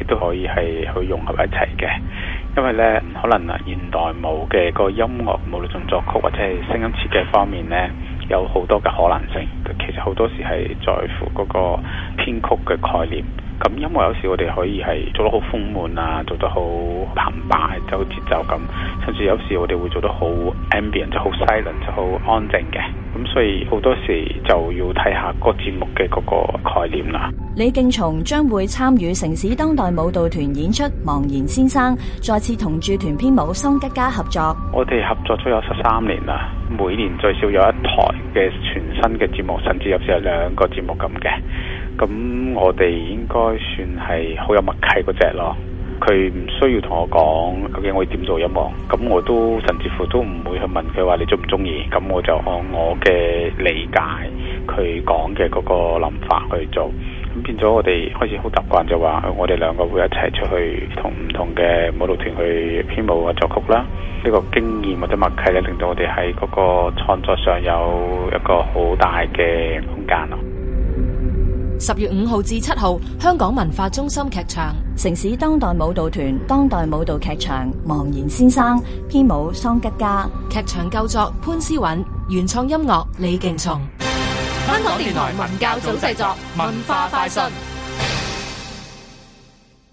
亦都可以係去融合一齊嘅，因為咧可能啊現代舞嘅個音樂無論從作曲或者係聲音設計方面咧，有好多嘅可能性。其實好多時係在乎嗰個編曲嘅概念。咁音樂有時我哋可以係做得好豐滿啊，做得好澎湃，有節奏感。甚至有時我哋會做得好 ambient，就好 silent，就好安靜嘅。咁、嗯、所以好多時就要睇下個節目嘅嗰個概念啦。李勁松將會參與城市當代舞蹈團演出《茫然先生》，再次同駐團編舞桑吉加合作。我哋合作咗有十三年啦，每年最少有一台嘅全新嘅節目，甚至有時有兩個節目咁嘅。咁我哋應該算係好有默契嗰隻咯。佢唔需要同我講，究竟我要點做音樂？咁我都甚至乎都唔會去問佢話你中唔中意？咁我就按我嘅理解，佢講嘅個諗法去做。咁變咗我哋開始好習慣就話，我哋兩個會一齊出去同唔同嘅舞蹈團去編舞啊作曲啦。呢個經驗或者默契咧，令到我哋喺個創作上有一個好大嘅空間咯。十月五號至七號，香港文化中心劇場，城市當代舞蹈團當代舞蹈劇場，茫然先生編舞桑吉家、劇場構作潘思韻，原創音樂李敬松。香港電台文教組製作，文化快訊。